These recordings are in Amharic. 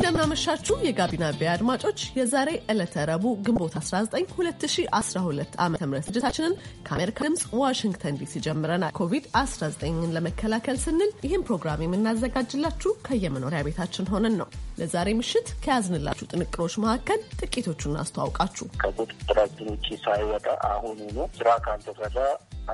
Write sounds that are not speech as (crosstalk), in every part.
እንደምናመሻችሁ የጋቢና ቢያ አድማጮች የዛሬ ዕለተ ረቡዕ ግንቦት 19 2012 ዓ ም ዝግጅታችንን ከአሜሪካ ድምፅ ዋሽንግተን ዲሲ ጀምረናል። ኮቪድ-19ን ለመከላከል ስንል ይህን ፕሮግራም የምናዘጋጅላችሁ ከየመኖሪያ ቤታችን ሆነን ነው። ለዛሬ ምሽት ከያዝንላችሁ ጥንቅሮች መካከል ጥቂቶቹን አስተዋውቃችሁ። ከቁጥጥራችን ውጭ ሳይወጣ አሁኑኑ ስራ ካልተሰራ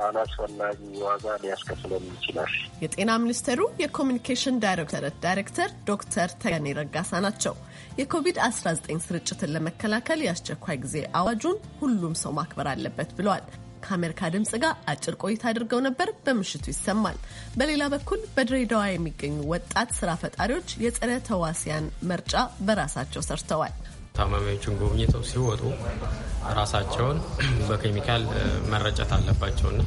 አላስፈላጊ ዋጋ ሊያስከፍለን ይችላል። የጤና ሚኒስቴሩ የኮሚኒኬሽን ዳይሬክተር ዳይሬክተር ዶክተር ተገኔ ረጋሳ ናቸው። የኮቪድ-19 ስርጭትን ለመከላከል የአስቸኳይ ጊዜ አዋጁን ሁሉም ሰው ማክበር አለበት ብለዋል። ከአሜሪካ ድምፅ ጋር አጭር ቆይታ አድርገው ነበር። በምሽቱ ይሰማል። በሌላ በኩል በድሬዳዋ የሚገኙ ወጣት ስራ ፈጣሪዎች የጸረ ተዋሲያን መርጫ በራሳቸው ሰርተዋል። ታማሚዎቹን ጎብኝተው ሲወጡ ራሳቸውን (clears throat) በኬሚካል መረጨት አለባቸውና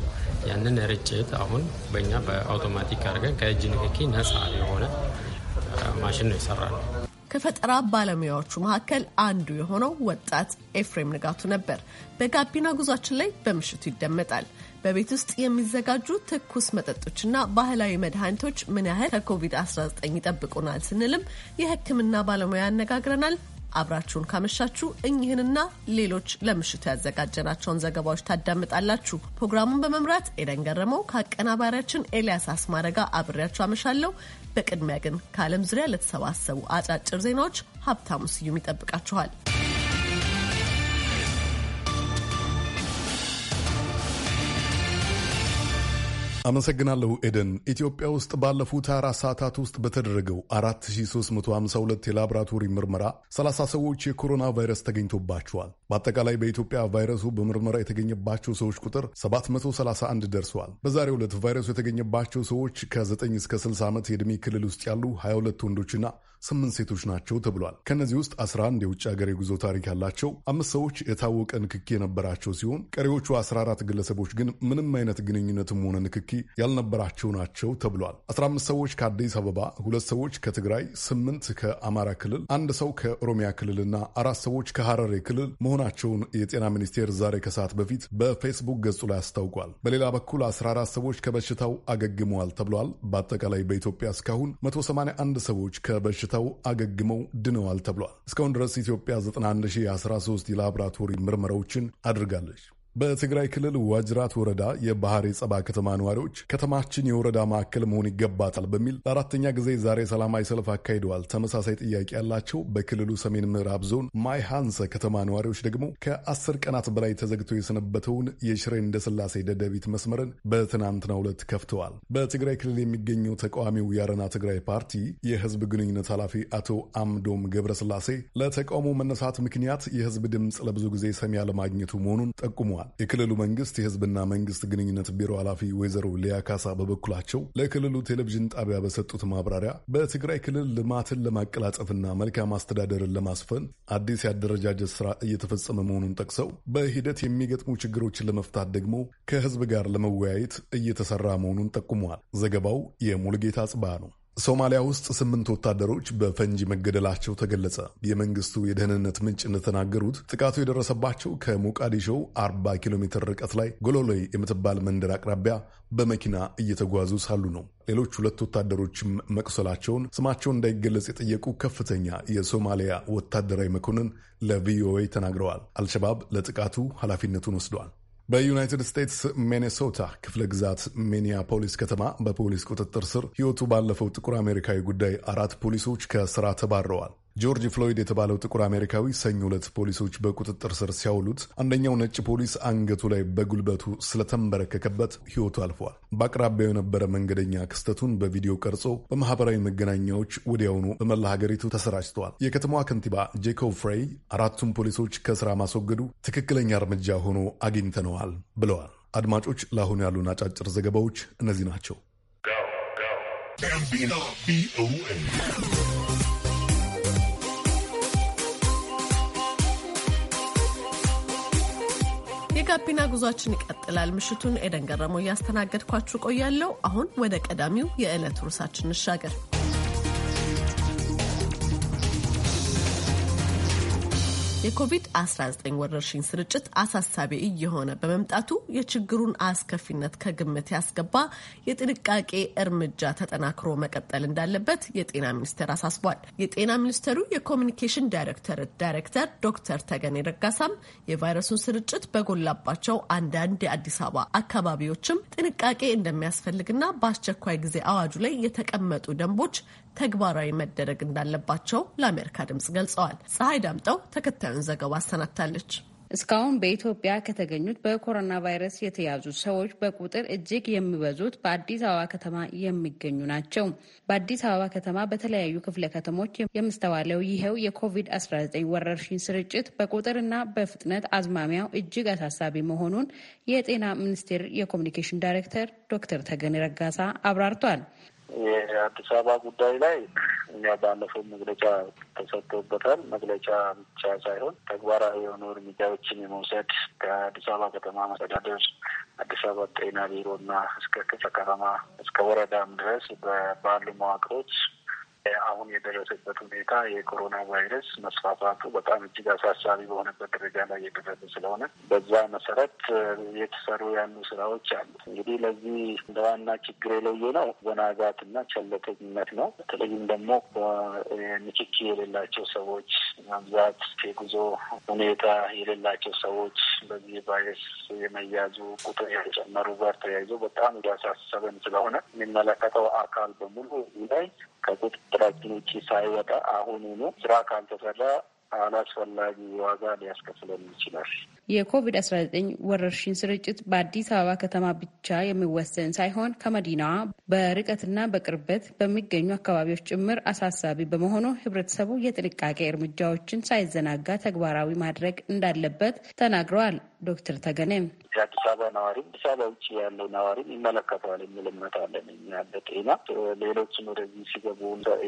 ያንን ርጭት አሁን በእኛ በአውቶማቲክ አድርገን ከእጅ ንክኪ ነፃ የሆነ ማሽን ነው የሰራ ነው። ከፈጠራ ባለሙያዎቹ መካከል አንዱ የሆነው ወጣት ኤፍሬም ንጋቱ ነበር። በጋቢና ጉዟችን ላይ በምሽቱ ይደመጣል። በቤት ውስጥ የሚዘጋጁ ትኩስ መጠጦችና ባህላዊ መድኃኒቶች ምን ያህል ከኮቪድ-19 ይጠብቁናል ስንልም የሕክምና ባለሙያ ያነጋግረናል። አብራችሁን ካመሻችሁ እኚህንና ሌሎች ለምሽቱ ያዘጋጀናቸውን ዘገባዎች ታዳምጣላችሁ። ፕሮግራሙን በመምራት ኤደን ገረመው ከአቀናባሪያችን ኤልያስ አስማረ ጋር አብሬያችሁ አመሻለሁ። በቅድሚያ ግን ከዓለም ዙሪያ ለተሰባሰቡ አጫጭር ዜናዎች ሀብታሙ ስዩም ይጠብቃችኋል። አመሰግናለሁ ኤደን። ኢትዮጵያ ውስጥ ባለፉት 24 ሰዓታት ውስጥ በተደረገው 4352 የላቦራቶሪ ምርመራ 30 ሰዎች የኮሮና ቫይረስ ተገኝቶባቸዋል። በአጠቃላይ በኢትዮጵያ ቫይረሱ በምርመራ የተገኘባቸው ሰዎች ቁጥር 731 ደርሰዋል። በዛሬው ዕለት ቫይረሱ የተገኘባቸው ሰዎች ከ9 እስከ 60 ዓመት የዕድሜ ክልል ውስጥ ያሉ 22 ወንዶችና ስምንት ሴቶች ናቸው ተብሏል። ከእነዚህ ውስጥ 11 የውጭ ሀገር የጉዞ ታሪክ ያላቸው አምስት ሰዎች የታወቀ ንክኪ የነበራቸው ሲሆን ቀሪዎቹ አራት ግለሰቦች ግን ምንም አይነት ግንኙነትም ሆነ ንክኪ ያልነበራቸው ናቸው ተብሏል። አምስት ሰዎች ከአዲስ አበባ፣ ሁለት ሰዎች ከትግራይ፣ ስምንት ከአማራ ክልል፣ አንድ ሰው ከኦሮሚያ ክልልና አራት ሰዎች ከሐረሬ ክልል መሆናቸውን የጤና ሚኒስቴር ዛሬ ከሰዓት በፊት በፌስቡክ ገጹ ላይ አስታውቋል። በሌላ በኩል 14 ሰዎች ከበሽታው አገግመዋል ተብሏል። በአጠቃላይ በኢትዮጵያ እስካሁን 181 ሰዎች ከበሽ ከበሽታው አገግመው ድነዋል ተብሏል። እስካሁን ድረስ ኢትዮጵያ 91013 የላብራቶሪ ምርመራዎችን አድርጋለች። በትግራይ ክልል ዋጅራት ወረዳ የባህር ጸባ ከተማ ነዋሪዎች ከተማችን የወረዳ ማዕከል መሆን ይገባታል በሚል ለአራተኛ ጊዜ ዛሬ ሰላማዊ ሰልፍ አካሂደዋል። ተመሳሳይ ጥያቄ ያላቸው በክልሉ ሰሜን ምዕራብ ዞን ማይ ሃንሰ ከተማ ነዋሪዎች ደግሞ ከአስር ቀናት በላይ ተዘግቶ የሰነበተውን የሽሬ እንደስላሴ ደደቢት መስመርን በትናንትናው ዕለት ከፍተዋል። በትግራይ ክልል የሚገኘው ተቃዋሚው የአረና ትግራይ ፓርቲ የህዝብ ግንኙነት ኃላፊ አቶ አምዶም ገብረስላሴ ለተቃውሞ መነሳት ምክንያት የህዝብ ድምፅ ለብዙ ጊዜ ሰሚ አለማግኘቱ መሆኑን ጠቁሟል። ተጠቅመዋል። የክልሉ መንግስት የህዝብና መንግስት ግንኙነት ቢሮ ኃላፊ ወይዘሮ ሊያ ካሳ በበኩላቸው ለክልሉ ቴሌቪዥን ጣቢያ በሰጡት ማብራሪያ በትግራይ ክልል ልማትን ለማቀላጸፍና መልካም አስተዳደርን ለማስፈን አዲስ የአደረጃጀት ስራ እየተፈጸመ መሆኑን ጠቅሰው በሂደት የሚገጥሙ ችግሮችን ለመፍታት ደግሞ ከህዝብ ጋር ለመወያየት እየተሰራ መሆኑን ጠቁመዋል። ዘገባው የሙልጌታ ጽባ ነው። ሶማሊያ ውስጥ ስምንት ወታደሮች በፈንጂ መገደላቸው ተገለጸ። የመንግስቱ የደህንነት ምንጭ እንደተናገሩት ጥቃቱ የደረሰባቸው ከሞቃዲሾ 40 ኪሎ ሜትር ርቀት ላይ ጎሎሎይ የምትባል መንደር አቅራቢያ በመኪና እየተጓዙ ሳሉ ነው። ሌሎች ሁለት ወታደሮችም መቁሰላቸውን ስማቸውን እንዳይገለጽ የጠየቁ ከፍተኛ የሶማሊያ ወታደራዊ መኮንን ለቪኦኤ ተናግረዋል። አልሸባብ ለጥቃቱ ኃላፊነቱን ወስደዋል። በዩናይትድ ስቴትስ ሚኔሶታ ክፍለ ግዛት ሚኒያፖሊስ ከተማ በፖሊስ ቁጥጥር ስር ሕይወቱ ባለፈው ጥቁር አሜሪካዊ ጉዳይ አራት ፖሊሶች ከስራ ተባረዋል። ጆርጅ ፍሎይድ የተባለው ጥቁር አሜሪካዊ ሰኞ ዕለት ፖሊሶች በቁጥጥር ስር ሲያውሉት አንደኛው ነጭ ፖሊስ አንገቱ ላይ በጉልበቱ ስለተንበረከከበት ሕይወቱ አልፏል። በአቅራቢያው የነበረ መንገደኛ ክስተቱን በቪዲዮ ቀርጾ በማህበራዊ መገናኛዎች ወዲያውኑ በመላ ሀገሪቱ ተሰራጭተዋል። የከተማዋ ከንቲባ ጄኮብ ፍሬይ አራቱም ፖሊሶች ከስራ ማስወገዱ ትክክለኛ እርምጃ ሆኖ አግኝተነዋል ብለዋል። አድማጮች፣ ለአሁኑ ያሉን አጫጭር ዘገባዎች እነዚህ ናቸው። የጋቢና ጉዟችን ይቀጥላል። ምሽቱን ኤደን ገረመው እያስተናገድኳችሁ ቆያለሁ። አሁን ወደ ቀዳሚው የዕለት ርዕሳችን እንሻገር። የኮቪድ-19 ወረርሽኝ ስርጭት አሳሳቢ እየሆነ በመምጣቱ የችግሩን አስከፊነት ከግምት ያስገባ የጥንቃቄ እርምጃ ተጠናክሮ መቀጠል እንዳለበት የጤና ሚኒስቴር አሳስቧል። የጤና ሚኒስቴሩ የኮሚኒኬሽን ዳይሬክተር ዳይሬክተር ዶክተር ተገኔ ረጋሳም የቫይረሱን ስርጭት በጎላባቸው አንዳንድ የአዲስ አበባ አካባቢዎችም ጥንቃቄ እንደሚያስፈልግና በአስቸኳይ ጊዜ አዋጁ ላይ የተቀመጡ ደንቦች ተግባራዊ መደረግ እንዳለባቸው ለአሜሪካ ድምጽ ገልጸዋል። ፀሐይ ዳምጠው ተከታዩን ዘገባ አሰናድታለች። እስካሁን በኢትዮጵያ ከተገኙት በኮሮና ቫይረስ የተያዙ ሰዎች በቁጥር እጅግ የሚበዙት በአዲስ አበባ ከተማ የሚገኙ ናቸው። በአዲስ አበባ ከተማ በተለያዩ ክፍለ ከተሞች የሚስተዋለው ይኸው የኮቪድ-19 ወረርሽኝ ስርጭት በቁጥርና በፍጥነት አዝማሚያው እጅግ አሳሳቢ መሆኑን የጤና ሚኒስቴር የኮሚኒኬሽን ዳይሬክተር ዶክተር ተገኔ ረጋሳ አብራርቷል። የአዲስ አበባ ጉዳይ ላይ እኛ ባለፈው መግለጫ ተሰጥቶበታል። መግለጫ ብቻ ሳይሆን ተግባራዊ የሆኑ እርምጃዎችን የመውሰድ ከአዲስ አበባ ከተማ መስተዳደር አዲስ አበባ ጤና ቢሮና እስከ ከተማ እስከ ወረዳም ድረስ ባሉ መዋቅሮች አሁን የደረሰበት ሁኔታ የኮሮና ቫይረስ መስፋፋቱ በጣም እጅግ አሳሳቢ በሆነበት ደረጃ ላይ የደረሰ ስለሆነ በዛ መሰረት የተሰሩ ያሉ ስራዎች አሉ። እንግዲህ ለዚህ እንደ ዋና ችግር የለየ ነው ዘናጋትና ቸለተኝነት ነው። በተለይም ደግሞ ንክኪ የሌላቸው ሰዎች መብዛት፣ የጉዞ ሁኔታ የሌላቸው ሰዎች በዚህ ቫይረስ የመያዙ ቁጥር የተጨመሩ ጋር ተያይዞ በጣም እያሳሰበን ስለሆነ የሚመለከተው አካል በሙሉ ላይ ከቁጥጥራችን ውጭ ሳይወጣ አሁኑኑ ስራ ካልተሰራ አላስፈላጊ ዋጋ ሊያስከፍለን ይችላል። የኮቪድ-19 ወረርሽኝ ስርጭት በአዲስ አበባ ከተማ ብቻ የሚወሰን ሳይሆን ከመዲናዋ በርቀትና በቅርበት በሚገኙ አካባቢዎች ጭምር አሳሳቢ በመሆኑ ህብረተሰቡ የጥንቃቄ እርምጃዎችን ሳይዘናጋ ተግባራዊ ማድረግ እንዳለበት ተናግረዋል። ዶክተር ተገኔም የአዲስ አበባ ነዋሪም አዲስ አበባ ውጭ ያለው ነዋሪም ይመለከተዋል የሚል እምነት አለን። ያለ ጤና ሌሎችን ወደዚህ ሲገቡ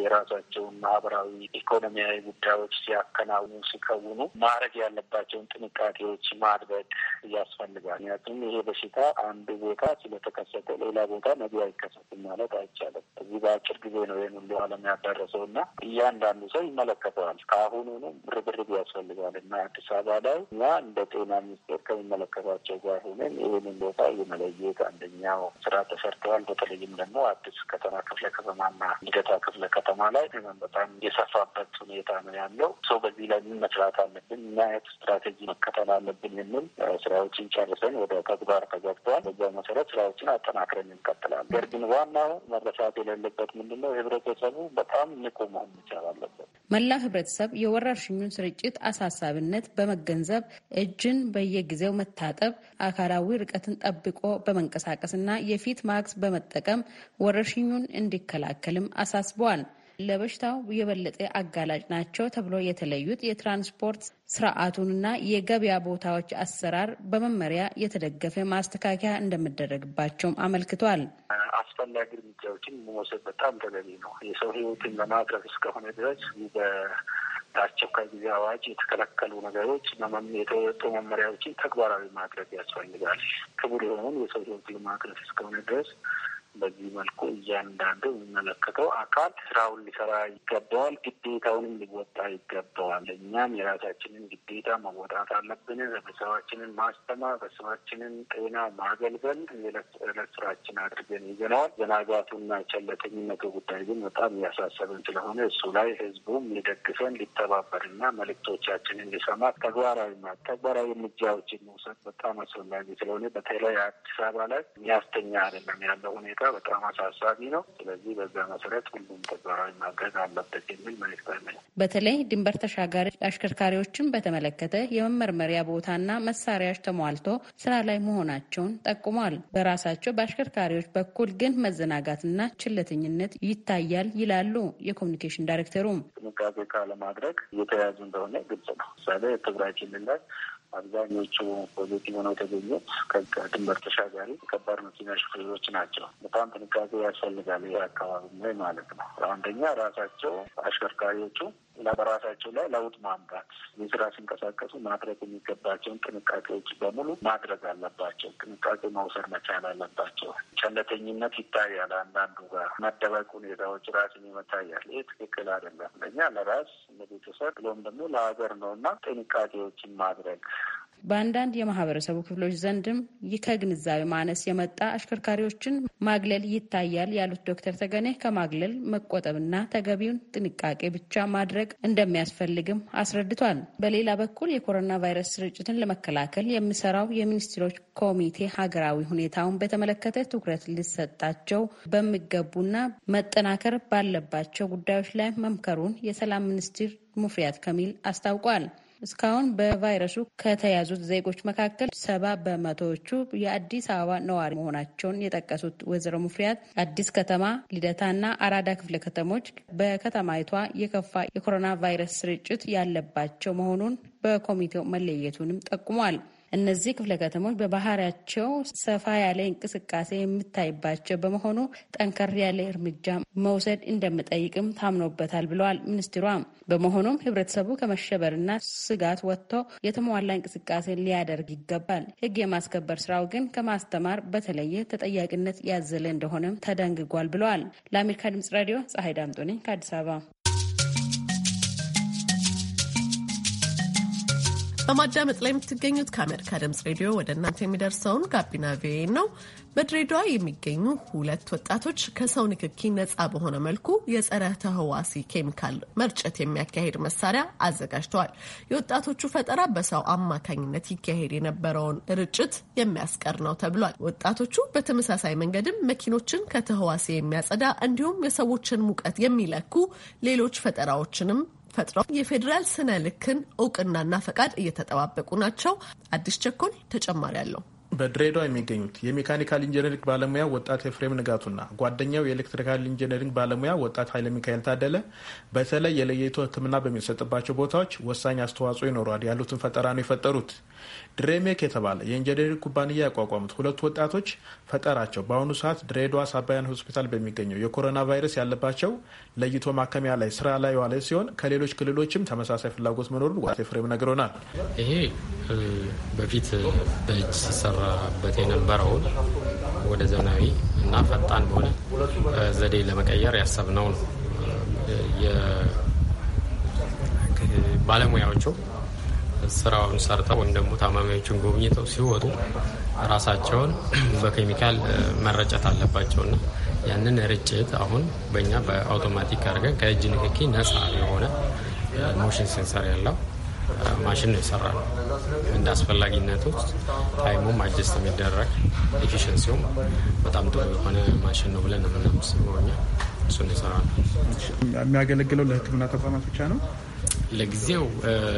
የራሳቸውን ማህበራዊ፣ ኢኮኖሚያዊ ጉዳዮች ሲያከናውኑ ሲከውኑ ማድረግ ያለባቸውን ጥንቃቄዎች ማድረግ ያስፈልጋል። ምክንያቱም ይሄ በሽታ አንዱ ቦታ ስለተከሰተ ሌላ ቦታ ነገ አይከሰትም ማለት አይቻልም። እዚህ በአጭር ጊዜ ነው ይህን ሁሉ ዓለም ያዳረሰው እና እያንዳንዱ ሰው ይመለከተዋል። ከአሁኑንም ርብርብ ያስፈልጋል እና አዲስ አበባ ላይ እኛ እንደ ጤና ሚኒስቴር ከሚመለከታቸው ጋር ሆነን ይህንን ቦታ የመለየት አንደኛው ስራ ተሰርተዋል። በተለይም ደግሞ አዲስ ከተማ ክፍለ ከተማና ልደታ ክፍለ ከተማ ላይ በጣም የሰፋበት ሁኔታ ነው ያለው። ሰው በዚህ ላይ ምን መስራት አለብን፣ ምን አይነት ስትራቴጂ መከተል አለብን የሚል ስራዎችን ጨርሰን ወደ ተግባር ተገብተዋል። በዛ መሰረት ስራዎችን አጠናክረን እንቀጥላለን። ነገር ግን ዋናው መረሳት የሌለበት ምንድነው ህብረተሰቡ በጣም ንቁ መሆን መቻል አለበት። መላ ህብረተሰብ የወረርሽኙን ስርጭት አሳሳቢነት በመገንዘብ እጅን በየ በየጊዜው መታጠብ፣ አካላዊ ርቀትን ጠብቆ በመንቀሳቀስና የፊት ማክስ በመጠቀም ወረርሽኙን እንዲከላከልም አሳስበዋል። ለበሽታው የበለጠ አጋላጭ ናቸው ተብሎ የተለዩት የትራንስፖርት ስርዓቱንና የገበያ ቦታዎች አሰራር በመመሪያ የተደገፈ ማስተካከያ እንደሚደረግባቸውም አመልክቷል። አስፈላጊ እርምጃዎችን መውሰድ በጣም ተገቢ ነው። የሰው ሕይወትን ለማትረፍ እስከሆነ ድረስ በአስቸኳይ ጊዜ አዋጅ የተከለከሉ ነገሮች የተወጡ መመሪያዎችን ተግባራዊ ማድረግ ያስፈልጋል። ክቡር የሆኑ የሰው ልማት ድረስ እስከሆነ ድረስ በዚህ መልኩ እያንዳንዱ የሚመለከተው አካል ስራውን ሊሰራ ይገባዋል፣ ግዴታውንም ሊወጣ ይገባዋል። እኛም የራሳችንን ግዴታ መወጣት አለብን። ህብረተሰባችንን ማስተማር፣ ህብረተሰባችንን ጤና ማገልገል የዕለት ስራችን አድርገን ይዘነዋል። ዘናጋቱና ቸለተኝነቱ ጉዳይ ግን በጣም እያሳሰብን ስለሆነ እሱ ላይ ህዝቡም ሊደግፈን ሊተባበርና መልእክቶቻችንን ሊሰማ ተግባራዊ ተግባራዊ እርምጃዎችን መውሰድ በጣም አስፈላጊ ስለሆነ በተለይ አዲስ አበባ ላይ የሚያስተኛ አይደለም ያለው ሁኔታ ሁኔታ በጣም አሳሳቢ ነው። ስለዚህ በዛ መሰረት ሁሉም ተግባራዊ ማድረግ አለበት የሚል መልዕክት በተለይ ድንበር ተሻጋሪ አሽከርካሪዎችን በተመለከተ የመመርመሪያ ቦታና መሳሪያዎች ተሟልቶ ስራ ላይ መሆናቸውን ጠቁሟል። በራሳቸው በአሽከርካሪዎች በኩል ግን መዘናጋትና ችለተኝነት ይታያል ይላሉ የኮሚኒኬሽን ዳይሬክተሩም። ጥንቃቄ ካለማድረግ እየተያዙ እንደሆነ ግልጽ ነው። ምሳሌ ትግራይ ክልል ላይ አብዛኞቹ ፖዚቲቭ ሆነው የተገኙት ከድንበር ተሻጋሪ ከባድ መኪና ሹፌሮች ናቸው። በጣም ጥንቃቄ ያስፈልጋል ይህ አካባቢ ላይ ማለት ነው። አንደኛ ራሳቸው አሽከርካሪዎቹ በራሳቸው ላይ ለውጥ ማምራት የስራ ሲንቀሳቀሱ ማድረግ የሚገባቸውን ጥንቃቄዎች በሙሉ ማድረግ አለባቸው። ጥንቃቄ መውሰድ መቻል አለባቸው። ቸለተኝነት ይታያል። አንዳንዱ ጋር መደበቅ ሁኔታዎች ራስን ይመታያል። ይህ ትክክል አይደለም። ለእኛ ለራስ ለቤተሰብ ብሎም ደግሞ ለሀገር ነው እና ጥንቃቄዎችን ማድረግ በአንዳንድ የማህበረሰቡ ክፍሎች ዘንድም ከግንዛቤ ማነስ የመጣ አሽከርካሪዎችን ማግለል ይታያል ያሉት ዶክተር ተገኔ ከማግለል መቆጠብና ተገቢውን ጥንቃቄ ብቻ ማድረግ እንደሚያስፈልግም አስረድቷል። በሌላ በኩል የኮሮና ቫይረስ ስርጭትን ለመከላከል የሚሰራው የሚኒስትሮች ኮሚቴ ሀገራዊ ሁኔታውን በተመለከተ ትኩረት ሊሰጣቸው በሚገቡና መጠናከር ባለባቸው ጉዳዮች ላይ መምከሩን የሰላም ሚኒስትር ሙፍሪያት ከሚል አስታውቋል። እስካሁን በቫይረሱ ከተያዙት ዜጎች መካከል ሰባ በመቶዎቹ የአዲስ አበባ ነዋሪ መሆናቸውን የጠቀሱት ወይዘሮ ሙፍሪያት አዲስ ከተማ፣ ልደታና አራዳ ክፍለ ከተሞች በከተማይቷ የከፋ የኮሮና ቫይረስ ስርጭት ያለባቸው መሆኑን በኮሚቴው መለየቱንም ጠቁሟል። እነዚህ ክፍለ ከተሞች በባህሪያቸው ሰፋ ያለ እንቅስቃሴ የምታይባቸው በመሆኑ ጠንከር ያለ እርምጃ መውሰድ እንደምጠይቅም ታምኖበታል ብለዋል ሚኒስትሯ። በመሆኑም ህብረተሰቡ ከመሸበርና ስጋት ወጥቶ የተሟላ እንቅስቃሴ ሊያደርግ ይገባል። ህግ የማስከበር ስራው ግን ከማስተማር በተለየ ተጠያቂነት ያዘለ እንደሆነም ተደንግጓል ብለዋል። ለአሜሪካ ድምጽ ራዲዮ ፀሐይ ዳምጦ ነኝ ከአዲስ አበባ። በማዳመጥ ላይ የምትገኙት ከአሜሪካ ድምጽ ሬዲዮ ወደ እናንተ የሚደርሰውን ጋቢና ቪኦኤ ነው። በድሬዳዋ የሚገኙ ሁለት ወጣቶች ከሰው ንክኪ ነጻ በሆነ መልኩ የጸረ ተህዋሲ ኬሚካል መርጨት የሚያካሄድ መሳሪያ አዘጋጅተዋል። የወጣቶቹ ፈጠራ በሰው አማካኝነት ይካሄድ የነበረውን ርጭት የሚያስቀር ነው ተብሏል። ወጣቶቹ በተመሳሳይ መንገድም መኪኖችን ከተህዋሲ የሚያጸዳ እንዲሁም የሰዎችን ሙቀት የሚለኩ ሌሎች ፈጠራዎችንም ፈጥረው የፌዴራል ስነ ልክን እውቅናና ፈቃድ እየተጠባበቁ ናቸው። አዲስ ቸኮል ተጨማሪ አለው። በድሬዳዋ የሚገኙት የሜካኒካል ኢንጂነሪንግ ባለሙያ ወጣት ኤፍሬም ንጋቱና ጓደኛው የኤሌክትሪካል ኢንጂነሪንግ ባለሙያ ወጣት ኃይለ ሚካኤል ታደለ በተለይ የለየቶ ሕክምና በሚሰጥባቸው ቦታዎች ወሳኝ አስተዋጽኦ ይኖረዋል ያሉትን ፈጠራ ነው የፈጠሩት። ድሬሜክ የተባለ የኢንጂነሪንግ ኩባንያ ያቋቋሙት ሁለቱ ወጣቶች ፈጠራቸው በአሁኑ ሰዓት ድሬዳዋ ሳባያን ሆስፒታል በሚገኘው የኮሮና ቫይረስ ያለባቸው ለይቶ ማከሚያ ላይ ስራ ላይ የዋለ ሲሆን ከሌሎች ክልሎችም ተመሳሳይ ፍላጎት መኖሩን ዋሴ ፍሬም ነግሮናል። ይሄ በፊት በእጅ ሲሰራበት የነበረውን ወደ ዘመናዊ እና ፈጣን በሆነ ዘዴ ለመቀየር ያሰብነው ነው። ባለሙያዎቹ ስራውን ሰርተው ወይም ደግሞ ታማሚዎችን ጎብኝተው ሲወጡ ራሳቸውን (clears throat) በኬሚካል መረጨት አለባቸውና ያንን ርጭት አሁን በእኛ በአውቶማቲክ አድርገን ከእጅ ንክኪ ነፃ የሆነ ሞሽን ሴንሰር ያለው ማሽን ነው የሰራ ነው። እንደ አስፈላጊነቱ ታይሙም አጀስት የሚደረግ ኤፊሽንሲውም በጣም ጥሩ የሆነ ማሽን ነው ብለን የምናምስበው እኛ እሱን የሰራ ነው። የሚያገለግለው ለሕክምና ተቋማት ብቻ ነው። ለጊዜው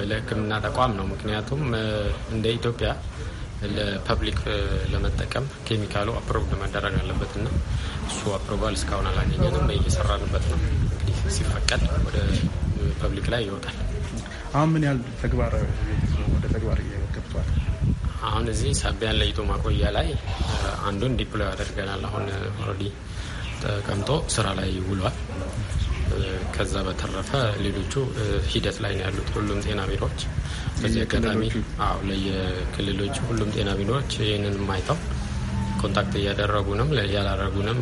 ለሕክምና ተቋም ነው። ምክንያቱም እንደ ኢትዮጵያ ለፐብሊክ ለመጠቀም ኬሚካሉ አፕሮቭድ መደረግ አለበት እና እሱ አፕሮቫል እስካሁን አላገኘንም። እየሰራንበት ነው። እንግዲህ ሲፈቀድ ወደ ፐብሊክ ላይ ይወጣል። አሁን ምን ያህል ተግባር ወደ ተግባር ገብቷል? አሁን እዚህ ሳቢያን ለይቶ ማቆያ ላይ አንዱን ዲፕሎይ አድርገናል። አሁን ኦልሬዲ ተቀምጦ ስራ ላይ ውሏል። ከዛ በተረፈ ሌሎቹ ሂደት ላይ ነው ያሉት። ሁሉም ጤና ቢሮዎች በዚህ አጋጣሚ ለየክልሎቹ ሁሉም ጤና ቢሮዎች ይህንን ማይተው ኮንታክት እያደረጉ ያላረጉንም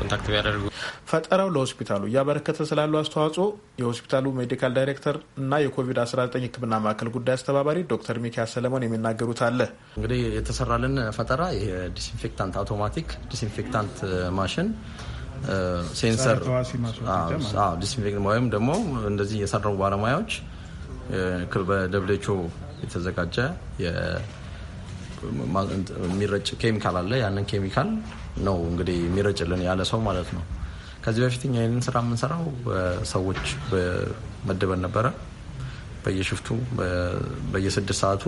ኮንታክት ቢያደርጉ ፈጠራው ለሆስፒታሉ እያበረከተ ስላሉ አስተዋጽኦ የሆስፒታሉ ሜዲካል ዳይሬክተር እና የኮቪድ-19 ሕክምና ማዕከል ጉዳይ አስተባባሪ ዶክተር ሚካኤል ሰለሞን የሚናገሩት አለ። እንግዲህ የተሰራልን ፈጠራ የዲስኢንፌክታንት አውቶማቲክ ዲስኢንፌክታንት ማሽን ሴንሰር ዲስኢንፌክት ወይም ደግሞ እንደዚህ የሰራው ባለሙያዎች በደብሌቾ የተዘጋጀ የሚረጭ ኬሚካል አለ። ያንን ኬሚካል ነው እንግዲህ የሚረጭልን ያለ ሰው ማለት ነው። ከዚህ በፊት እኛ ይህንን ስራ የምንሰራው ሰዎች መድበን ነበረ። በየሽፍቱ በየስድስት ሰዓቱ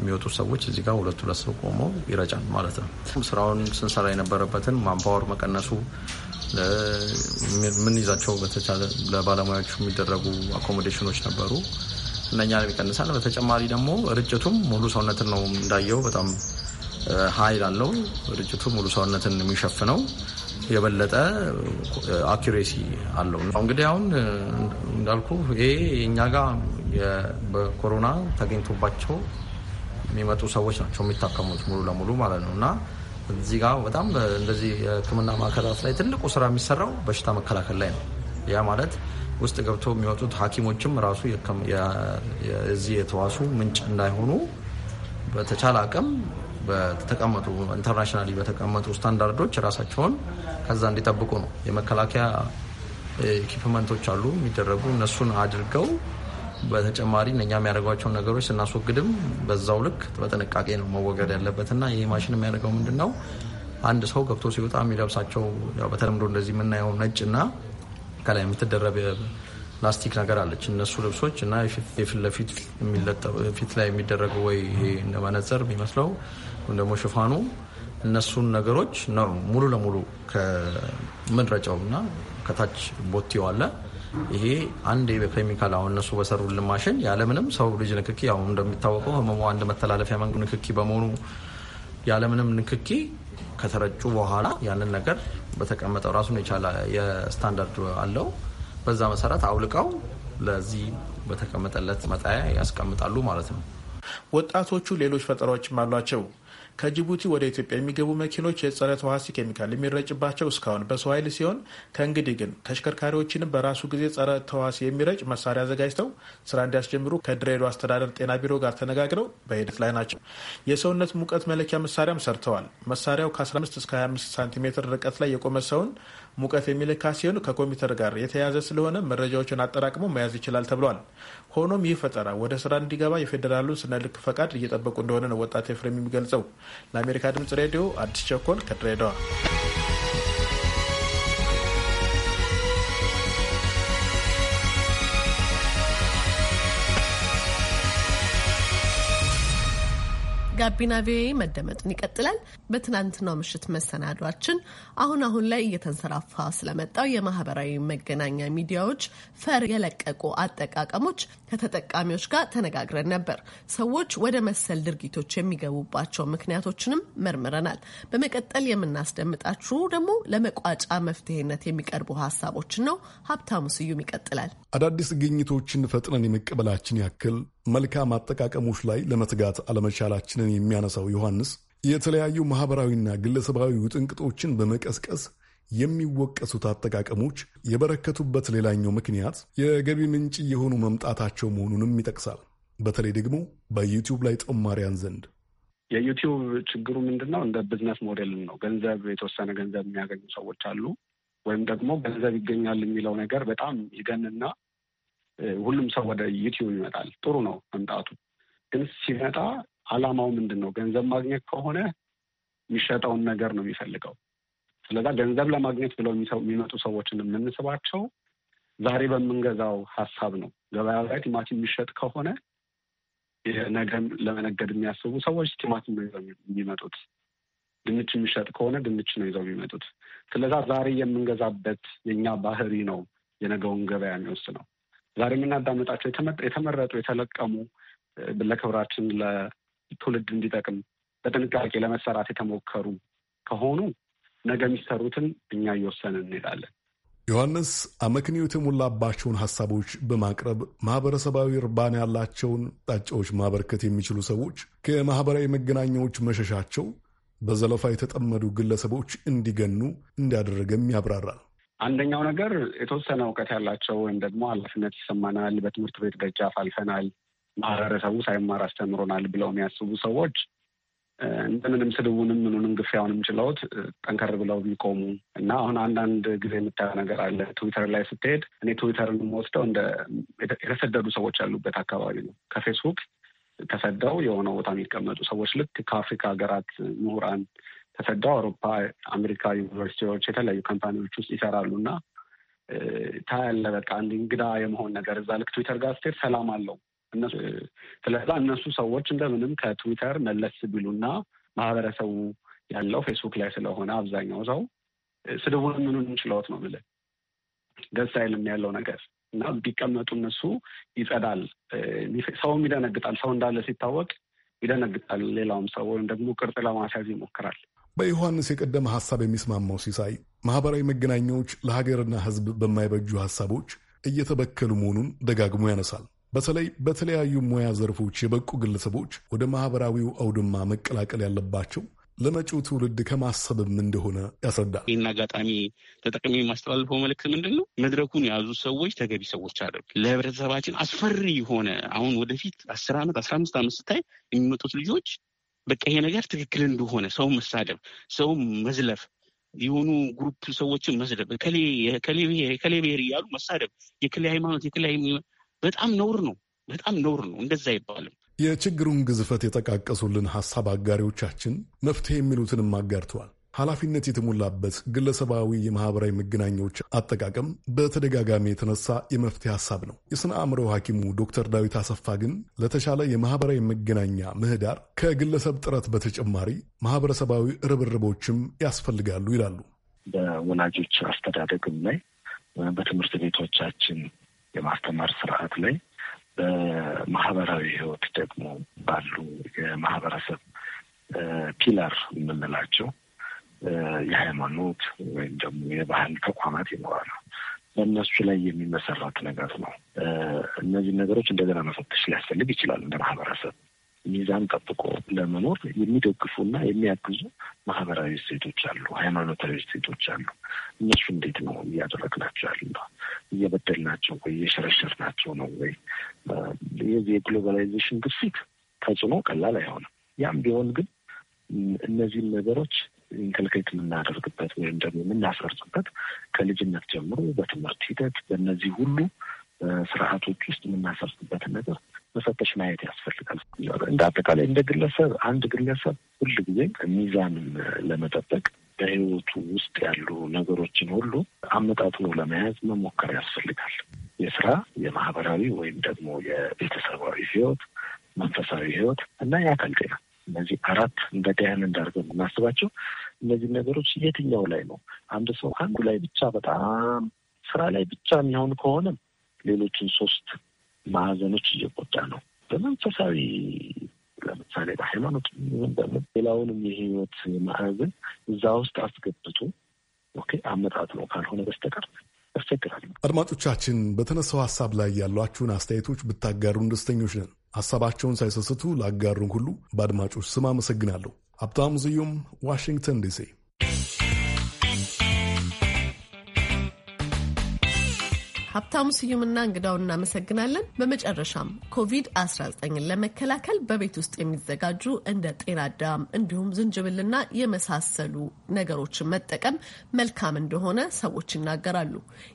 የሚወጡ ሰዎች እዚህ ጋር ሁለት ሁለት ሰው ቆመው ይረጫል ማለት ነው። ስራውን ስንሰራ የነበረበትን ማንፓወር መቀነሱ የምንይዛቸው በተቻለ ለባለሙያዎቹ የሚደረጉ አኮሞዴሽኖች ነበሩ። እነኛንም ይቀንሳል። በተጨማሪ ደግሞ ርጭቱም ሙሉ ሰውነትን ነው እንዳየው በጣም ሀይል አለው ርጭቱ ሙሉ ሰውነትን የሚሸፍነው የበለጠ አኪሬሲ አለው። እንግዲህ አሁን እንዳልኩ ይሄ እኛ ጋር በኮሮና ተገኝቶባቸው የሚመጡ ሰዎች ናቸው የሚታከሙት ሙሉ ለሙሉ ማለት ነው እና እዚህ ጋር በጣም እንደዚህ የህክምና ማዕከላት ላይ ትልቁ ስራ የሚሰራው በሽታ መከላከል ላይ ነው። ያ ማለት ውስጥ ገብቶ የሚወጡት ሐኪሞችም ራሱ የዚህ የተዋሱ ምንጭ እንዳይሆኑ በተቻለ አቅም በተቀመጡ ኢንተርናሽናሊ በተቀመጡ ስታንዳርዶች ራሳቸውን ከዛ እንዲጠብቁ ነው። የመከላከያ ኢኪፕመንቶች አሉ የሚደረጉ እነሱን አድርገው በተጨማሪ እኛ የሚያደርጓቸውን ነገሮች ስናስወግድም በዛው ልክ በጥንቃቄ ነው መወገድ ያለበትና ይህ ማሽን የሚያደርገው ምንድን ነው? አንድ ሰው ገብቶ ሲወጣ የሚለብሳቸው በተለምዶ እንደዚህ የምናየው ነጭና ከላይ የምትደረብ ላስቲክ ነገር አለች። እነሱ ልብሶች እና የፊት ለፊት ፊት ላይ የሚደረጉ ወይ ይሄ መነጽር የሚመስለው ወይም ደግሞ ሽፋኑ እነሱን ነገሮች ነው ሙሉ ለሙሉ ከምድረጫው እና ከታች ቦቲው አለ ይሄ አንድ በኬሚካል አሁን እነሱ በሰሩልን ማሽን ያለምንም ሰው ልጅ ንክኪ ያው እንደሚታወቀው ህመሙ አንድ መተላለፊያ መንገድ ንክኪ በመሆኑ ያለምንም ንክኪ ከተረጩ በኋላ ያንን ነገር በተቀመጠው ራሱን የቻለ የስታንዳርድ አለው። በዛ መሰረት አውልቀው ለዚህ በተቀመጠለት መጣያ ያስቀምጣሉ ማለት ነው። ወጣቶቹ ሌሎች ፈጠራዎችም አሏቸው። ከጅቡቲ ወደ ኢትዮጵያ የሚገቡ መኪኖች የጸረ ተዋሲ ኬሚካል የሚረጭባቸው እስካሁን በሰው ኃይል ሲሆን ከእንግዲህ ግን ተሽከርካሪዎችንም በራሱ ጊዜ ጸረ ተዋሲ የሚረጭ መሳሪያ አዘጋጅተው ስራ እንዲያስጀምሩ ከድሬዳዋ አስተዳደር ጤና ቢሮ ጋር ተነጋግረው በሂደት ላይ ናቸው። የሰውነት ሙቀት መለኪያ መሳሪያም ሰርተዋል። መሳሪያው ከ15 እስከ 25 ሳንቲሜትር ርቀት ላይ የቆመ ሰውን ሙቀት የሚለካ ሲሆን ከኮምፒውተር ጋር የተያያዘ ስለሆነ መረጃዎችን አጠራቅሞ መያዝ ይችላል ተብሏል። ሆኖም ይህ ፈጠራ ወደ ስራ እንዲገባ የፌዴራሉን ስነ ልክ ፈቃድ እየጠበቁ እንደሆነ ነው ወጣት ኤፍሬም የሚገልጸው። ለአሜሪካ ድምጽ ሬዲዮ አዲስ ቸኮል ከድሬዳዋ ጋቢና ቪኦኤ መደመጡን ይቀጥላል። በትናንትናው ምሽት መሰናዷችን አሁን አሁን ላይ እየተንሰራፋ ስለመጣው የማህበራዊ መገናኛ ሚዲያዎች ፈር የለቀቁ አጠቃቀሞች ከተጠቃሚዎች ጋር ተነጋግረን ነበር። ሰዎች ወደ መሰል ድርጊቶች የሚገቡባቸው ምክንያቶችንም መርምረናል። በመቀጠል የምናስደምጣችሁ ደግሞ ለመቋጫ መፍትሄነት የሚቀርቡ ሀሳቦችን ነው። ሀብታሙ ስዩም ይቀጥላል። አዳዲስ ግኝቶችን ፈጥነን የመቀበላችን ያክል መልካም አጠቃቀሞች ላይ ለመትጋት አለመቻላችንን መሰላችንን የሚያነሳው ዮሐንስ የተለያዩ ማኅበራዊና ግለሰባዊ ውጥንቅጦችን በመቀስቀስ የሚወቀሱት አጠቃቀሞች የበረከቱበት ሌላኛው ምክንያት የገቢ ምንጭ የሆኑ መምጣታቸው መሆኑንም ይጠቅሳል። በተለይ ደግሞ በዩቲዩብ ላይ ጦማሪያን ዘንድ የዩቲዩብ ችግሩ ምንድን ነው? እንደ ቢዝነስ ሞዴል ነው። ገንዘብ የተወሰነ ገንዘብ የሚያገኙ ሰዎች አሉ። ወይም ደግሞ ገንዘብ ይገኛል የሚለው ነገር በጣም ይገንና ሁሉም ሰው ወደ ዩቲዩብ ይመጣል። ጥሩ ነው መምጣቱ፣ ግን ሲመጣ አላማው ምንድን ነው? ገንዘብ ማግኘት ከሆነ የሚሸጠውን ነገር ነው የሚፈልገው። ስለዛ ገንዘብ ለማግኘት ብለው የሚመጡ ሰዎችን የምንስባቸው ዛሬ በምንገዛው ሀሳብ ነው። ገበያ ላይ ቲማቲም የሚሸጥ ከሆነ ነገን ለመነገድ የሚያስቡ ሰዎች ቲማቲም ነው ይዘው የሚመጡት። ድንች የሚሸጥ ከሆነ ድንች ነው ይዘው የሚመጡት። ስለዛ ዛሬ የምንገዛበት የእኛ ባህሪ ነው የነገውን ገበያ የሚወስ ነው። ዛሬ የምናዳምጣቸው የተመረጡ የተለቀሙ ለክብራችን ትውልድ እንዲጠቅም በጥንቃቄ ለመሰራት የተሞከሩ ከሆኑ ነገ የሚሰሩትን እኛ እየወሰንን እንሄዳለን። ዮሐንስ አመክንዮ የተሞላባቸውን ሀሳቦች በማቅረብ ማህበረሰባዊ እርባን ያላቸውን ጣጫዎች ማበርከት የሚችሉ ሰዎች ከማህበራዊ መገናኛዎች መሸሻቸው በዘለፋ የተጠመዱ ግለሰቦች እንዲገኑ እንዲያደረገም ያብራራል። አንደኛው ነገር የተወሰነ እውቀት ያላቸው ወይም ደግሞ ኃላፊነት ይሰማናል፣ በትምህርት ቤት ደጃፍ አልፈናል፣ ማህበረሰቡ ሳይማር አስተምሮናል ብለው የሚያስቡ ሰዎች እንደምንም ስድቡንም ምኑንም ግፊያውንም ችለውት ጠንከር ብለው ቢቆሙ እና አሁን አንዳንድ ጊዜ የምታየው ነገር አለ። ትዊተር ላይ ስትሄድ እኔ ትዊተርን ወስደው እንደ የተሰደዱ ሰዎች ያሉበት አካባቢ ነው። ከፌስቡክ ተሰደው የሆነ ቦታ የሚቀመጡ ሰዎች ልክ ከአፍሪካ ሀገራት ምሁራን ተሰደው አውሮፓ፣ አሜሪካ ዩኒቨርሲቲዎች፣ የተለያዩ ካምፓኒዎች ውስጥ ይሰራሉ እና ታያለህ። በቃ እንግዳ የመሆን ነገር እዛ ልክ ትዊተር ጋር ስትሄድ ሰላም አለው እነሱ ስለዛ እነሱ ሰዎች እንደምንም ከትዊተር መለስ ቢሉና ማህበረሰቡ ያለው ፌስቡክ ላይ ስለሆነ አብዛኛው ሰው ስድቡን ምኑን ችሎት ነው ምል ደስ አይልም ያለው ነገር እና ቢቀመጡ እነሱ ይጸዳል። ሰውም ይደነግጣል። ሰው እንዳለ ሲታወቅ ይደነግጣል። ሌላውም ሰው ወይም ደግሞ ቅርጽ ለማስያዝ ይሞክራል። በዮሐንስ የቀደመ ሀሳብ የሚስማማው ሲሳይ ማህበራዊ መገናኛዎች ለሀገርና ሕዝብ በማይበጁ ሀሳቦች እየተበከሉ መሆኑን ደጋግሞ ያነሳል። በተለይ በተለያዩ ሙያ ዘርፎች የበቁ ግለሰቦች ወደ ማህበራዊው አውድማ መቀላቀል ያለባቸው ለመጪው ትውልድ ከማሰብም እንደሆነ ያስረዳል። ይህን አጋጣሚ ተጠቅሜ የማስተላልፈው መልእክት ምንድን ነው? መድረኩን የያዙ ሰዎች ተገቢ ሰዎች አለ ለህብረተሰባችን አስፈሪ የሆነ አሁን ወደፊት አስር ዓመት አስራ አምስት ዓመት ስታይ የሚመጡት ልጆች በቃ ይሄ ነገር ትክክል እንደሆነ ሰው መሳደብ፣ ሰው መዝለፍ፣ የሆኑ ግሩፕ ሰዎችን መስደብ፣ ከሌ ብሔር፣ ከሌ ብሔር እያሉ መሳደብ፣ የክሌ ሃይማኖት፣ የክሌ በጣም ነውር ነው። በጣም ነውር ነው። እንደዛ አይባልም። የችግሩን ግዝፈት የጠቃቀሱልን ሀሳብ አጋሪዎቻችን መፍትሄ የሚሉትንም አጋርተዋል። ኃላፊነት የተሞላበት ግለሰባዊ የማህበራዊ መገናኛዎች አጠቃቀም በተደጋጋሚ የተነሳ የመፍትሄ ሀሳብ ነው። የሥነ አእምሮ ሐኪሙ ዶክተር ዳዊት አሰፋ ግን ለተሻለ የማህበራዊ መገናኛ ምህዳር ከግለሰብ ጥረት በተጨማሪ ማህበረሰባዊ ርብርቦችም ያስፈልጋሉ ይላሉ። በወላጆች አስተዳደግም ላይ በትምህርት ቤቶቻችን የማስተማር ስርዓት ላይ በማህበራዊ ህይወት ደግሞ ባሉ የማህበረሰብ ፒላር የምንላቸው የሃይማኖት ወይም ደግሞ የባህል ተቋማት ይኖራሉ። በእነሱ ላይ የሚመሰረት ነገር ነው። እነዚህ ነገሮች እንደገና መፈተሽ ሊያስፈልግ ይችላል እንደ ማህበረሰብ ሚዛን ጠብቆ ለመኖር የሚደግፉና የሚያግዙ ማህበራዊ እሴቶች አሉ፣ ሃይማኖታዊ እሴቶች አሉ። እነሱ እንዴት ነው እያደረግናቸው ያለ? እየበደልናቸው ወይ እየሸረሸርናቸው ነው ወይ? የዚህ የግሎባላይዜሽን ግፊት ተጽዕኖ ቀላል አይሆንም። ያም ቢሆን ግን እነዚህን ነገሮች ኢንከልኬት የምናደርግበት ወይም ደግሞ የምናሰርጽበት ከልጅነት ጀምሮ በትምህርት ሂደት በእነዚህ ሁሉ ስርዓቶች ውስጥ የምናሰርጽበትን ነገር መፈተሽ ማየት ያስፈልጋል። እንደ አጠቃላይ እንደ ግለሰብ አንድ ግለሰብ ሁል ጊዜ ሚዛንን ለመጠበቅ በህይወቱ ውስጥ ያሉ ነገሮችን ሁሉ አመጣጥኖ ለመያዝ መሞከር ያስፈልጋል። የስራ የማህበራዊ ወይም ደግሞ የቤተሰባዊ ህይወት፣ መንፈሳዊ ህይወት እና የአካል ጤና እነዚህ አራት እንደ ደህን እንዳርገን የምናስባቸው እነዚህ ነገሮች የትኛው ላይ ነው? አንድ ሰው አንዱ ላይ ብቻ በጣም ስራ ላይ ብቻ የሚሆን ከሆነም ሌሎችን ሶስት ማዕዘኖች እየቆዳ ነው። በመንፈሳዊ ለምሳሌ በሃይማኖት ሌላውንም የህይወት ማዕዘን እዛ ውስጥ አስገብቶ ኦኬ አመጣት ነው ካልሆነ በስተቀር ያስቸግራል። አድማጮቻችን በተነሳው ሀሳብ ላይ ያሏችሁን አስተያየቶች ብታጋሩን ደስተኞች ነን። ሀሳባቸውን ሳይሰስቱ ላጋሩን ሁሉ በአድማጮች ስም አመሰግናለሁ። ሀብታሙ ስዩም ዋሽንግተን ዲሲ ሀብታሙ ስዩምና እንግዳውን እናመሰግናለን። በመጨረሻም ኮቪድ-19ን ለመከላከል በቤት ውስጥ የሚዘጋጁ እንደ ጤና አዳም እንዲሁም ዝንጅብልና የመሳሰሉ ነገሮችን መጠቀም መልካም እንደሆነ ሰዎች ይናገራሉ።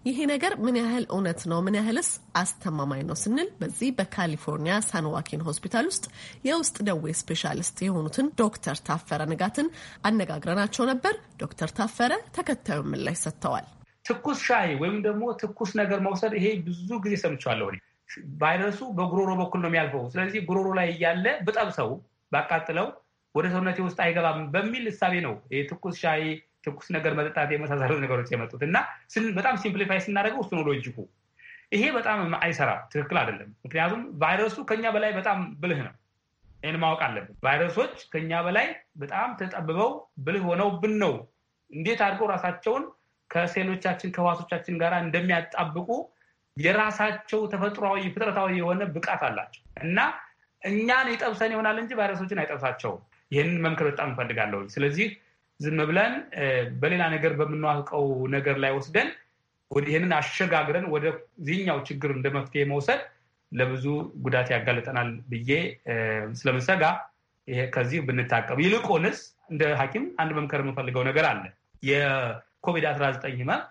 ይሄ ነገር ምን ያህል እውነት ነው? ምን ያህልስ አስተማማኝ ነው ስንል በዚህ በካሊፎርኒያ ሳንዋኪን ሆስፒታል ውስጥ የውስጥ ደዌ ስፔሻሊስት የሆኑትን ዶክተር ታፈረ ንጋትን አነጋግረናቸው ነበር። ዶክተር ታፈረ ተከታዩን ምላሽ ሰጥተዋል። ትኩስ ሻይ ወይም ደግሞ ትኩስ ነገር መውሰድ ይሄ ብዙ ጊዜ ሰምቸዋለሁ። ቫይረሱ በጉሮሮ በኩል ነው የሚያልፈው። ስለዚህ ጉሮሮ ላይ እያለ ብጠብሰው፣ ባቃጥለው ወደ ሰውነቴ ውስጥ አይገባም በሚል እሳቤ ነው ትኩስ ሻይ፣ ትኩስ ነገር መጠጣት የመሳሰሉት ነገሮች የመጡት እና በጣም ሲምፕሊፋይ ስናደርገው እሱ ነው ሎጂኩ። ይሄ በጣም አይሰራ፣ ትክክል አይደለም። ምክንያቱም ቫይረሱ ከኛ በላይ በጣም ብልህ ነው። ይህን ማወቅ አለብን። ቫይረሶች ከኛ በላይ በጣም ተጠብበው ብልህ ሆነውብን ነው እንዴት አድርገው ራሳቸውን ከሴሎቻችን ከህዋሶቻችን ጋር እንደሚያጣብቁ የራሳቸው ተፈጥሯዊ ፍጥረታዊ የሆነ ብቃት አላቸው እና እኛን የጠብሰን ይሆናል እንጂ ቫይረሶችን አይጠብሳቸውም። ይህንን መምከር በጣም እንፈልጋለሁ። ስለዚህ ዝም ብለን በሌላ ነገር በምናውቀው ነገር ላይ ወስደን ይህንን አሸጋግረን ወደ ዚህኛው ችግር እንደ መፍትሄ መውሰድ ለብዙ ጉዳት ያጋልጠናል ብዬ ስለምሰጋ ከዚህ ብንታቀም፣ ይልቁንስ እንደ ሐኪም አንድ መምከር የምንፈልገው ነገር አለ። ኮቪድ 19 ህመም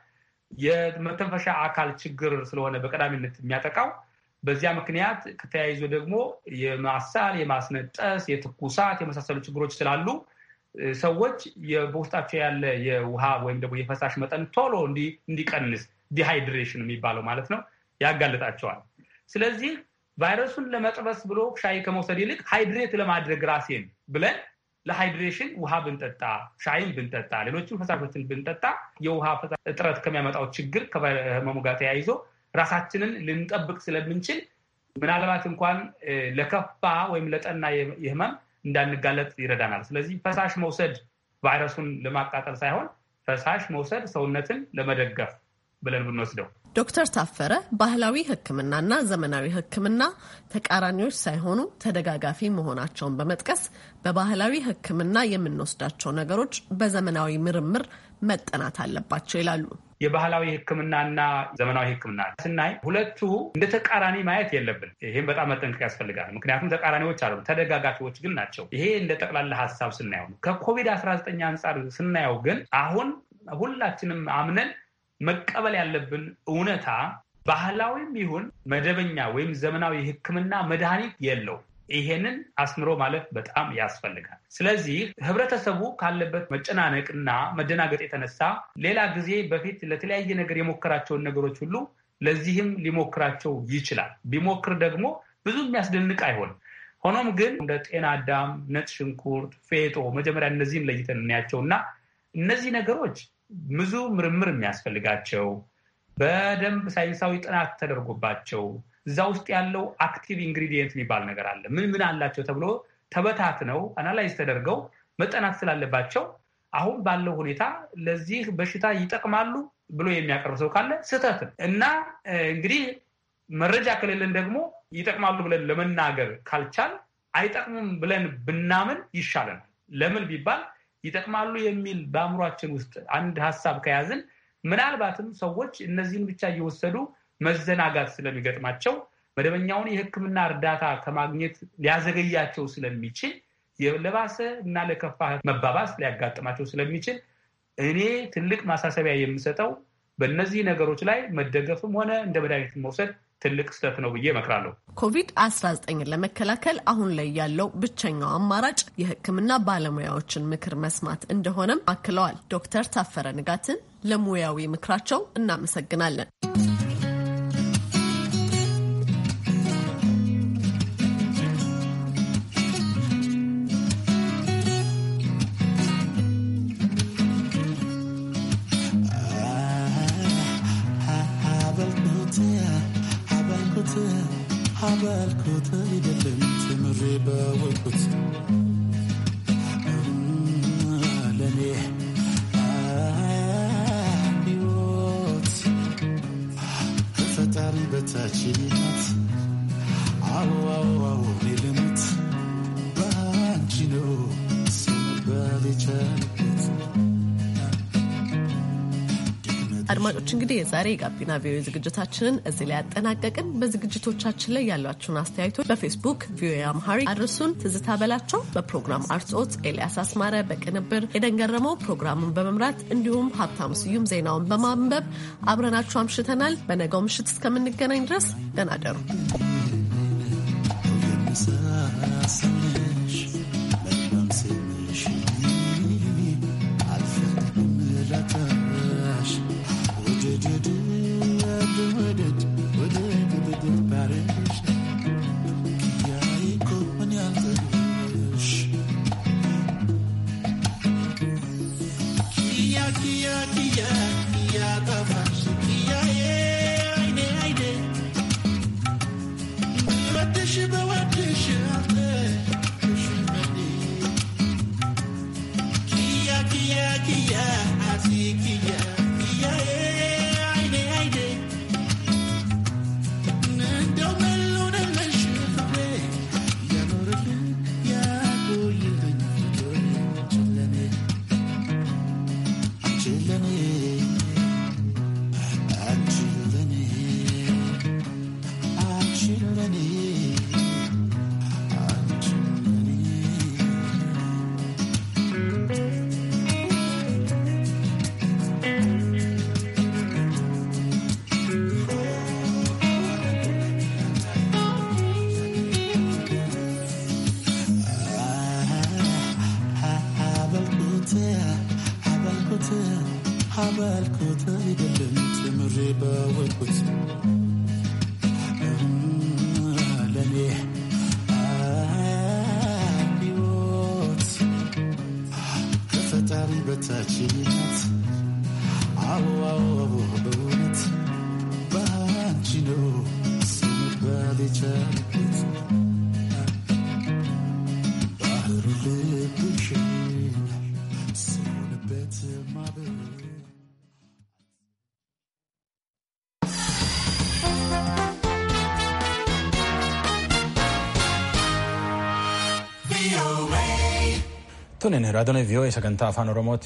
የመተንፈሻ አካል ችግር ስለሆነ በቀዳሚነት የሚያጠቃው በዚያ ምክንያት ከተያይዞ ደግሞ የማሳል፣ የማስነጠስ፣ የትኩሳት የመሳሰሉ ችግሮች ስላሉ ሰዎች በውስጣቸው ያለ የውሃ ወይም ደግሞ የፈሳሽ መጠን ቶሎ እንዲቀንስ ዲሃይድሬሽን የሚባለው ማለት ነው ያጋልጣቸዋል። ስለዚህ ቫይረሱን ለመጥበስ ብሎ ሻይ ከመውሰድ ይልቅ ሃይድሬት ለማድረግ ራሴን ብለን ለሃይድሬሽን ውሃ ብንጠጣ፣ ሻይን ብንጠጣ፣ ሌሎችም ፈሳሾችን ብንጠጣ የውሃ እጥረት ከሚያመጣው ችግር ከህመሙ ጋር ተያይዞ ራሳችንን ልንጠብቅ ስለምንችል ምናልባት እንኳን ለከፋ ወይም ለጠና የህመም እንዳንጋለጥ ይረዳናል። ስለዚህ ፈሳሽ መውሰድ ቫይረሱን ለማቃጠል ሳይሆን ፈሳሽ መውሰድ ሰውነትን ለመደገፍ ብለን ብንወስደው ዶክተር ታፈረ ባህላዊ ሕክምናና ዘመናዊ ሕክምና ተቃራኒዎች ሳይሆኑ ተደጋጋፊ መሆናቸውን በመጥቀስ በባህላዊ ሕክምና የምንወስዳቸው ነገሮች በዘመናዊ ምርምር መጠናት አለባቸው ይላሉ። የባህላዊ ህክምናና ዘመናዊ ህክምና ስናይ ሁለቱ እንደ ተቃራኒ ማየት የለብን። ይህም በጣም መጠንቀቅ ያስፈልጋል። ምክንያቱም ተቃራኒዎች አሉ፣ ተደጋጋፊዎች ግን ናቸው። ይሄ እንደ ጠቅላላ ሀሳብ ስናየው ከኮቪድ-19 አንጻር ስናየው ግን አሁን ሁላችንም አምነን መቀበል ያለብን እውነታ ባህላዊም ይሁን መደበኛ ወይም ዘመናዊ ሕክምና መድኃኒት የለው። ይሄንን አስምሮ ማለፍ በጣም ያስፈልጋል። ስለዚህ ህብረተሰቡ ካለበት መጨናነቅና መደናገጥ የተነሳ ሌላ ጊዜ በፊት ለተለያየ ነገር የሞከራቸውን ነገሮች ሁሉ ለዚህም ሊሞክራቸው ይችላል። ቢሞክር ደግሞ ብዙ የሚያስደንቅ አይሆንም። ሆኖም ግን እንደ ጤና አዳም፣ ነጭ ሽንኩርት፣ ፌጦ መጀመሪያ እነዚህን ለይተን እናያቸው እና እነዚህ ነገሮች ብዙ ምርምር የሚያስፈልጋቸው በደንብ ሳይንሳዊ ጥናት ተደርጎባቸው እዛ ውስጥ ያለው አክቲቭ ኢንግሪዲየንት የሚባል ነገር አለ። ምን ምን አላቸው ተብሎ ተበታትነው አናላይዝ ተደርገው መጠናት ስላለባቸው አሁን ባለው ሁኔታ ለዚህ በሽታ ይጠቅማሉ ብሎ የሚያቀርብ ሰው ካለ ስህተት እና እንግዲህ መረጃ ከሌለን ደግሞ ይጠቅማሉ ብለን ለመናገር ካልቻል አይጠቅሙም ብለን ብናምን ይሻለናል። ለምን ቢባል ይጠቅማሉ የሚል በአእምሯችን ውስጥ አንድ ሀሳብ ከያዝን ምናልባትም ሰዎች እነዚህን ብቻ እየወሰዱ መዘናጋት ስለሚገጥማቸው መደበኛውን የሕክምና እርዳታ ከማግኘት ሊያዘገያቸው ስለሚችል ለባሰ እና ለከፋ መባባስ ሊያጋጥማቸው ስለሚችል እኔ ትልቅ ማሳሰቢያ የምሰጠው በእነዚህ ነገሮች ላይ መደገፍም ሆነ እንደ መድኃኒት መውሰድ ትልቅ ስህተት ነው ብዬ እመክራለሁ። 19 ለመከላከል አሁን ላይ ያለው ብቸኛው አማራጭ የሕክምና ባለሙያዎችን ምክር መስማት እንደሆነም አክለዋል። ዶክተር ታፈረ ንጋትን ለሙያዊ ምክራቸው እናመሰግናለን። Baby, wait. አድማጮች እንግዲህ የዛሬ የጋቢና ቪኦኤ ዝግጅታችንን እዚህ ላይ ያጠናቀቅን። በዝግጅቶቻችን ላይ ያሏችሁን አስተያየቶች በፌስቡክ ቪኦኤ አምሃሪ አድርሱን። ትዝታ በላቸው በፕሮግራም አርትዖት፣ ኤልያስ አስማረ በቅንብር፣ የደንገረመው ፕሮግራሙን በመምራት እንዲሁም ሀብታሙ ስዩም ዜናውን በማንበብ አብረናችሁ አምሽተናል። በነጋው ምሽት እስከምንገናኝ ድረስ ደህና ደሩ። Tunin raadiyoon VOA sagantaa afaan Oromooti.